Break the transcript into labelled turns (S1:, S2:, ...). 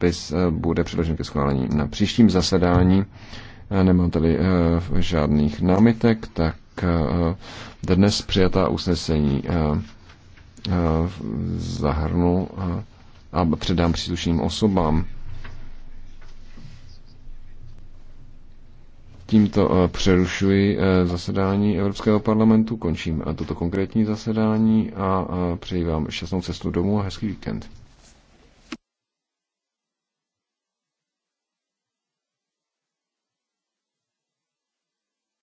S1: zápis eh, bude předložen ke schválení na příštím zasedání. Eh, Nemám tady eh, žádných námitek, tak dnes přijatá usnesení zahrnu a předám příslušným osobám. Tímto přerušuji zasedání Evropského parlamentu, končím toto konkrétní zasedání a přeji vám šťastnou cestu domů a hezký víkend.